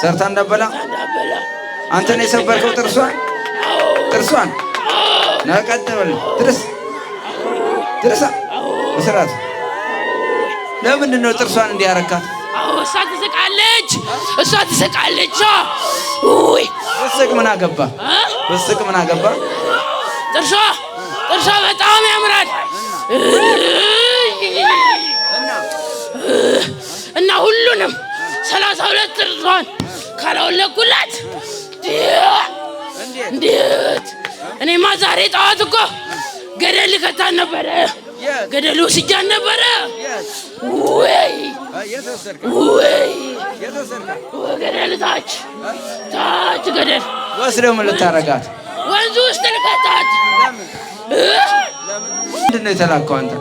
ሰርታ እንዳበላ አንተን የሰበርከው ጥርሷን ጥርሷን ነቀጥበል ትርስ ትርሳ በስርዓት ለምንድን ነው ጥርሷን እንዲያረካት? እሷ ትስቃለች፣ እሷ ትስቃለች። ብስቅ ምን አገባ? ብስቅ ምን አገባ? ጥርሷ ጥርሷ በጣም ያምራል እና ሁሉንም ሰላሳ ሁለት ጥርሷን ካላወለኩላት እንዴት! እኔማ ዛሬ ጠዋት እኮ ገደል ልከታን ነበረ፣ ገደል ወስጃን ነበረ። ወይ ወይ ገደል ታች ታች ገደል ወስደው ምን ልታረጋት ወንዙ ውስጥ ልከታት። ምንድን ነው የተላከው አንተ?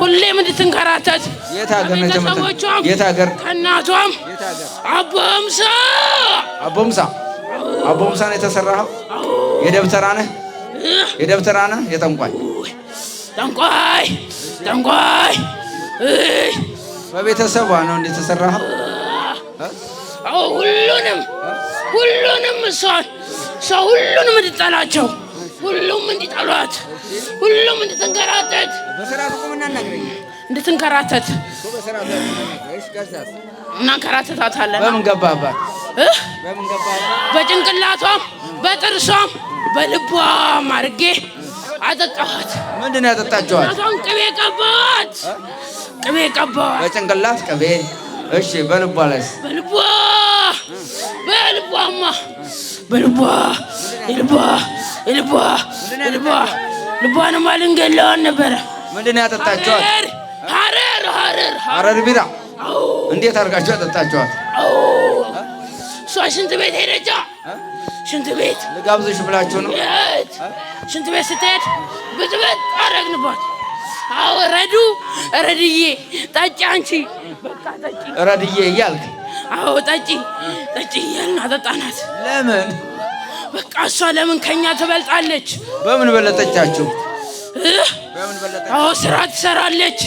ሁሌም እንድትንከራተት ቤተሰቦቿም ከእናቷም አቦምሳ አቦምሳ አቦምሳ ነው የተሰራኸው። የደብተራ ነህ የደብተራ ነህ የጠንቋይ ጠንቋይ ጠንቋይ በቤተሰቧ ነው እንደ የተሰራኸው። ሁሉንም ሁሉንም እሷን ሰው ሁሉንም እንድትጠላቸው ሁሉም እንዲጠሏት፣ ሁሉም እንድትንከራተት እንድትንከራተት እናንከራተታታለን። በምን ገባባት? በጭንቅላቷም በጥርሷም በልቧም አድርጌ አጠጣኋት። ምንድን ነው ያጠጣችኋት? ቅቤ ቀባኋት። ቅቤ ቀባኋት። በጭንቅላት ቅቤ። እሺ፣ በልቧ ላይ በልቧ በልቧማ በልቧ የልቧ ልቧ ልቧ ልቧንማ ልንገለዋን ነበረ። ምንድን ነው ያጠጣችኋል? ሀረር ሐረር ሐረር ቢራ እንዴት አድርጋችሁ ያጠጣችኋል? እሷ ሽንት ቤት ሄደች። ሽንት ቤት ልጋብዝሽ ብላችሁ ነው። ሽንት ቤት ስትሄድ ብጥብጥ አደረግንባት። አዎ ረዱ ረድዬ ጠጪ፣ አንቺ ረድዬ እያልክ አዎ ጠጪ ጠጪ እያልን አጠጣናት። ለምን በቃ እሷ ለምን ከኛ ትበልጣለች? በምን በለጠቻችሁ? አዎ ስራ ትሰራለች፣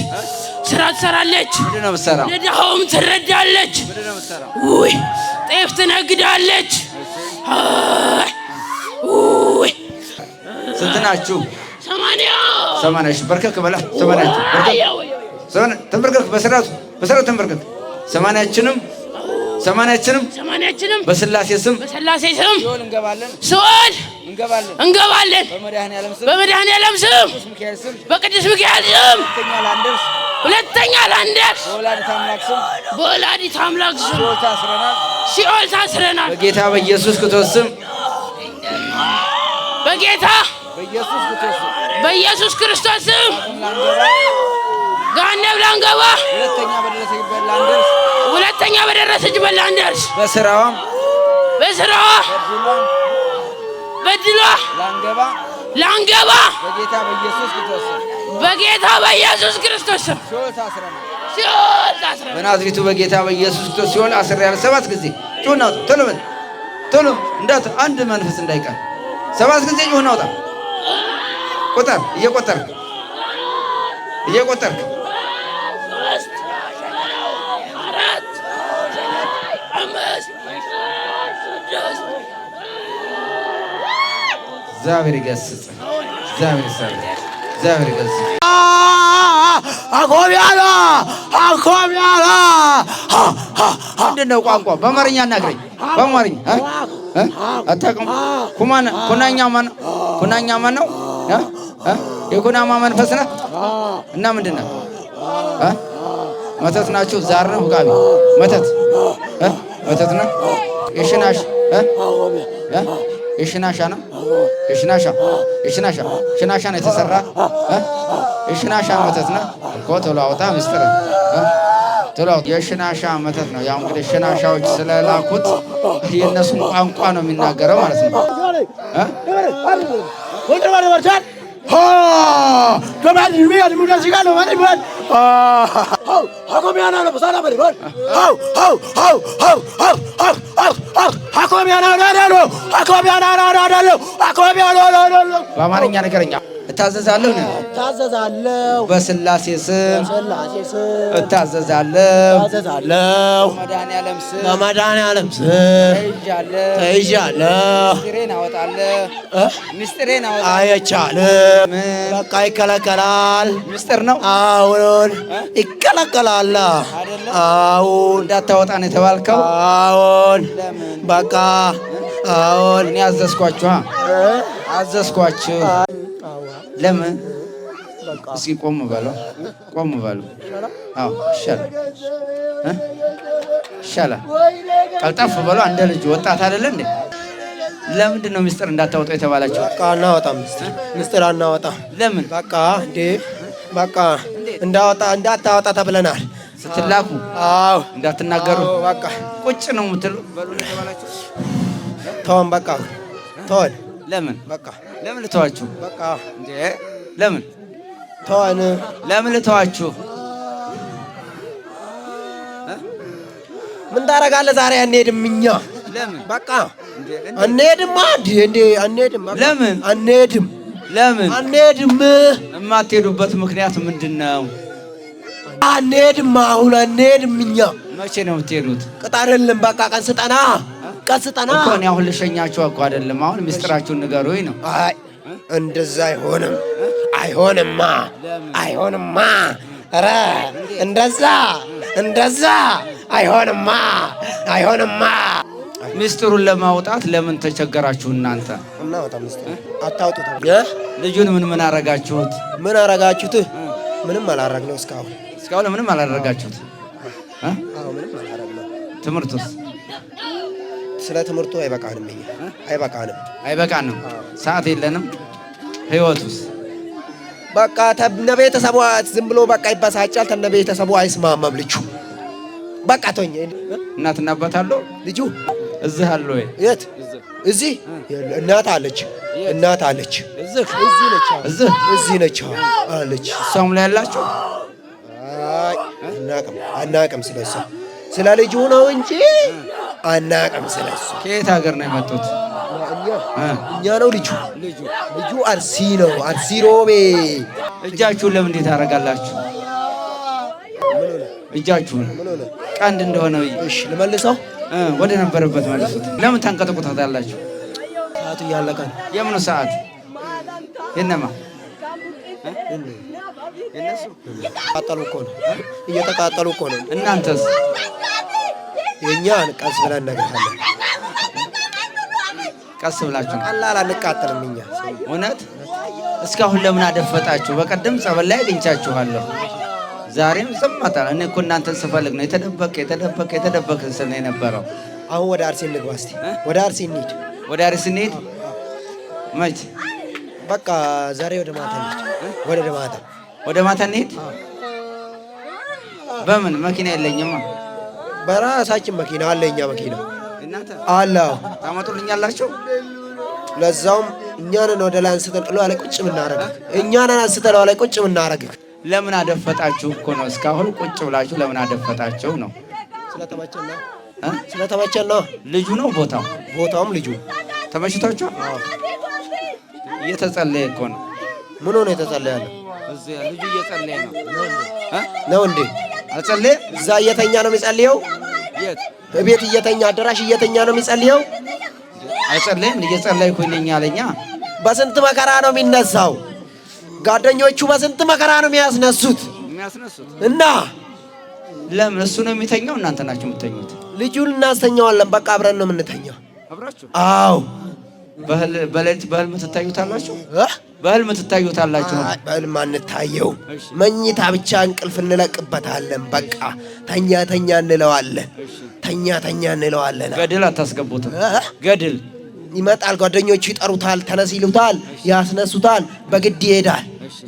ስራ ትሰራለች፣ ለድሃውም ትረዳለች፣ ውይ ጤፍ ትነግዳለች። ውይ ስንት ናችሁ? ሰማንያ ሰማንያ ሺህ በርከክ በላ ሰማንያ ሺህ በርከክ በስራቱ በስራቱ ተንበርከክ። ሰማንያችንም ሰማንያችንም ሰማንያችንም በስላሴ ስም በስላሴ ስም ሲኦል እንገባለን ሲኦል እንገባለን እንገባለን በመድኃኔዓለም ስም በቅዱስ ሚካኤል ስም ሁለተኛ ላንደርስ በወላዲተ አምላክ ስም ሲኦል ታስረናል። በጌታ በኢየሱስ ክርስቶስ ስም በጌታ በኢየሱስ ክርስቶስ ስም ገሃነም ላንገባ ሁለተኛ በደረሰችበት ላንደርስ በስራዋ በስራዋ በድሏ ላንገባ ላንገባ በጌታ በኢየሱስ ክርስቶስ ስም በናዝሬቱ በጌታ በኢየሱስ ክርስቶስ ሲሆን አስር ያለ ሰባት ጊዜ ጩና ቶሎ በል ቶሎ እንዳት አንድ መንፈስ እንዳይቀር ሰባት ጊዜ ጩና አውጣ ቁጠር እየቆጠርክ እየቆጠርክ እግዚአብሔር ይገስጽ። እግዚአብሔር ይሰራ። እግዚአብሔር ይገስጽ። አኮብያላ አኮብያላ ምንድን ነው ቋንቋ? በአማርኛ እናግረኝ በአማርኛ አታውቅም? ኩናኛ ማን ኩናኛ ማን ነው? የኩናማ መንፈስ ነህ እና ምንድን ነህ? መተት ናችሁ? ዛር ነው ቃቢ መተት መተት ነው የሽናሽ የሽናሻ ነው። የሽናሻ የሽናሻ ሽናሻ ነው የተሰራ የሽናሻ መተት ነው እኮ ቶሎ አውጣ ምስጢር ቶሎ የሽናሻ መተት ነው። ያው እንግዲህ ሽናሻዎች ስለላኩት የእነሱን ቋንቋ ነው የሚናገረው ማለት ነው። ዶማድ ዶማድ ዶማድ ሐኮሚያን አለ በሳላ በሪባል አው አው አው አው አው አው አው አው ሐኮሚያን አለ አለ ሐኮሚያን አለ አለ ሐኮሚያን አለ አለ በአማርኛ ነገረኛ እታዘዛለሁ ነው እታዘዛለሁ። በስላሴ ስም እታዘዛለሁ በመድኃኒዓለም ስም ተይዣለሁ ምስጢሬን አወጣለሁ አይቻልም፣ በቃ ይከለከላል። ምስጢር ነው። አዎን ይከለከላል። አዎን እንዳታወጣ ነው የተባልከው። አዎን በቃ እኔ አዘዝኳችሁ አዘዝኳችሁ ለምን እስኪ ቆም በለው፣ ቆም በለው። ይሻላል፣ ቀልጠፍ በለው። እንደ ልጅ ወጣት አይደለ እንዴ? ለምንድን ነው ምስጢር እንዳታወጣው የተባላቸው በቃ አናወጣም፣ ምስጢር አናወጣ። ለምን? በቃ እንዴ፣ በቃ እንዳወጣ እንዳታወጣ ተብለናል። ስትላኩ እንዳትናገሩ በቃ ቁጭ ነው የምትሉ በሉ። በቃ ተውን ለምን በቃ ለምን ልተዋችሁ? በቃ እንዴ ለምን ተዋን? ለምን ልተዋችሁ? ምን ታደርጋለህ? ዛሬ አንሄድም እኛ። ለምን በቃ አንሄድማ። እንዴ እንዴ አንሄድም። ለምን አንሄድም? ለምን አንሄድም? የማትሄዱበት ምክንያት ምንድን ነው? አንሄድማ። አሁን አንሄድም እኛ። መቼ ነው የምትሄዱት? ቅጥ አይደለም በቃ ቀን ስጠና እኮ እኔ አሁን ልሸኛችሁ እኮ አይደለም። አሁን ምስጢራችሁን ንገሩኝ ነው። አይ እንደዛ አይሆንም፣ አይሆንማ፣ አይሆንማ። ኧረ እንደዛ እንደዛ አይሆንማ፣ አይሆንማ። ምስጢሩን ለማውጣት ለምን ተቸገራችሁ እናንተ? እናውጣ ልጁን ምን ምን አረጋችሁት? ምን አረጋችሁት? ምንም አላረግነው እስካሁን። እስካሁን ምንም አላረጋችሁት። ትምህርቱስ ስለ ትምህርቱ አይበቃንም፣ አይበቃንም፣ አይበቃንም። ሰዓት የለንም። ህይወቱስ በቃ ተነቤተሰቡ ዝም ብሎ በቃ ይበሳጫል። ተነቤተሰቡ ቤተሰቡ አይስማማም። ልጁ በቃ ቶኝ እናት እናባት አለ ልጁ እዚህ አለ ወይ? የት እዚህ? እናት አለች፣ እናት አለች፣ እዚህ እዚህ ነች አለች። እሷም ላይ ያላችሁ አናቅም፣ አናቅም ስለሷ ስለ ልጁ ነው እንጂ አናቅም። ስለሱ ከየት ሀገር ነው የመጡት? እኛ ነው ልጁ ልጁ አርሲ ነው አርሲ ሮቤ። እጃችሁን ለምን እንዴት ታደርጋላችሁ? እጃችሁን ቀንድ እንደሆነ እሺ፣ ልመልሰው ወደ ነበረበት መልሱት። ለምን ታንቀጠቁታላችሁ? ሰዓቱ እያለቀ የምኑ ሰዓት የነማ እየተቃጠሉ እኮ ነው እየተቃጠሉ እኮ ነው። እናንተስ? የእኛን ቀስ ብለን እነግርሃለን። ቀስ ብላችሁ ቀላል አንቃጠልም እኛ እውነት። እስካሁን ለምን አደፈጣችሁ? በቀደም ጸበል ላይ አግኝቻችኋለሁ። ዛሬም ዝም እኔ እኮ እናንተን ስፈልግ ነው የተደበቀ የተደበቀ የተደበቀ ስለ የነበረው። አሁን ወደ አርሲ እንግባ እስቲ። ወደ አርሲ እንሂድ። ወደ አርሲ እንሂድ መች በቃ ዛሬ ወደ ማታ ወደ ማታ ወደ ማታ እንሂድ። በምን መኪና የለኝማ። በራሳችን መኪና አለኛ እኛ መኪና አለ። ታመጡልኛላችሁ? ለዛውም እኛንን ወደ ላይ አንስተን ጥሎ አለ ቁጭ ምናረግህ፣ እኛንን አንስተን አለ ቁጭ ምናረግህ። ለምን አደፈጣችሁ እኮ ነው። እስካሁን ቁጭ ብላችሁ ለምን አደፈጣችሁ ነው? ስለተመቸን ነው። ልጁ ነው ቦታው፣ ቦታውም ልጁ ተመችቷችኋል? እየተጸለየ እኮ ነው። ምን ሆነ የተጸለየ ያለው? እዚህ ልጁ እየጸለየ ነው ነው እንዴ? አልጸለየ። እዛ እየተኛ ነው የሚጸልየው። ቤት እየተኛ አዳራሽ እየተኛ ነው የሚጸልየው። አይጸለይም። እየጸለይኩኝ ነኝ አለኛ። በስንት መከራ ነው የሚነሳው። ጓደኞቹ በስንት መከራ ነው የሚያስነሱት እና ለምን እሱ ነው የሚተኛው? እናንተ ናችሁ የምተኙት? ልጁን እናስተኛዋለን። በቃ አብረን ነው የምንተኛው። አብራችሁ? አዎ በሌሊት በህልም ትታዩታላችሁ? በህልም ትታዩታላችሁ? በህልም አንታየው። መኝታ ብቻ እንቅልፍ እንለቅበታለን። በቃ ተኛ ተኛ እንለዋለን። ተኛ ተኛ እንለዋለን። ገድል አታስገቡትም። ገድል ይመጣል። ጓደኞቹ ይጠሩታል፣ ተነስ ይሉታል፣ ያስነሱታል። በግድ ይሄዳል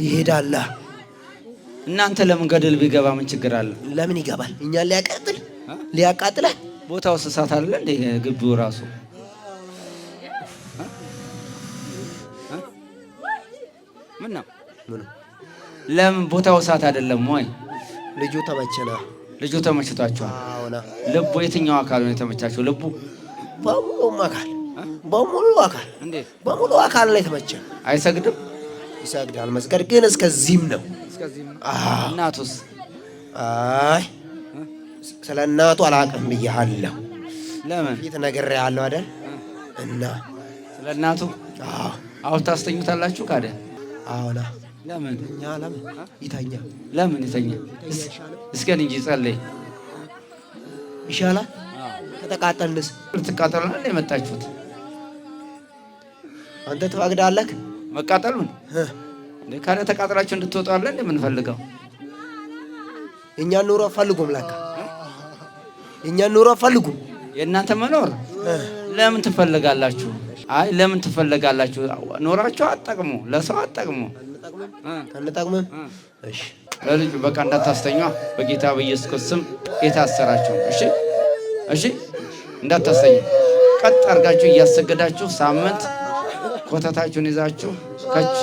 ይሄዳል። እናንተ ለምን ገድል ቢገባ ምን ችግር አለ? ለምን ይገባል? እኛን ሊያቃጥል ሊያቃጥለ ቦታው እሳት አለ እንደ ግቢው ራሱ ምን ነው ለምን ቦታው ሰዓት አይደለም ወይ? ልጁ ተመቸና ልጁ ተመችቷቸዋል። ልቡ የትኛው አካል ነው የተመቻቸው? ልቡ በሙሉም አካል በሙሉ አካል እንዴ በሙሉ አካል ላይ ተመቸ። አይሰግድም? ይሰግዳል። መስገድ ግን እስከዚህም ነው። እናቱስ? አይ ስለ እናቱ አላውቅም ብያለሁ። ለምን ፊት ነገር ያለው አይደል እና ስለ እናቱ አሁን ታስተኙታላችሁ ካደ አዎላ ለምን ይተኛ? ለምን ይተኛ? እስከን እንጂ ይሻላል። ከተቃጠልንስ የመጣችሁት። አንተ ትፈቅዳለህ መቃጠሉን? እንደ ካለ ተቃጥላችሁ ኑሮ አፈልጉም። ለካ ኑሮ አፈልጉም። የእናንተ መኖር ለምን ትፈልጋላችሁ? አይ ለምን ትፈለጋላችሁ? ኖራችሁ አጠቅሙ፣ ለሰው አጠቅሙ። አንጠቅምም። እሺ በቃ እንዳታስተኛ፣ በጌታ በኢየሱስ ክርስቶስ ስም የታሰራችሁ እሺ፣ እሺ እንዳታስተኛ። ቀጥ አድርጋችሁ እያሰገዳችሁ ሳምንት ኮተታችሁን ይዛችሁ ከች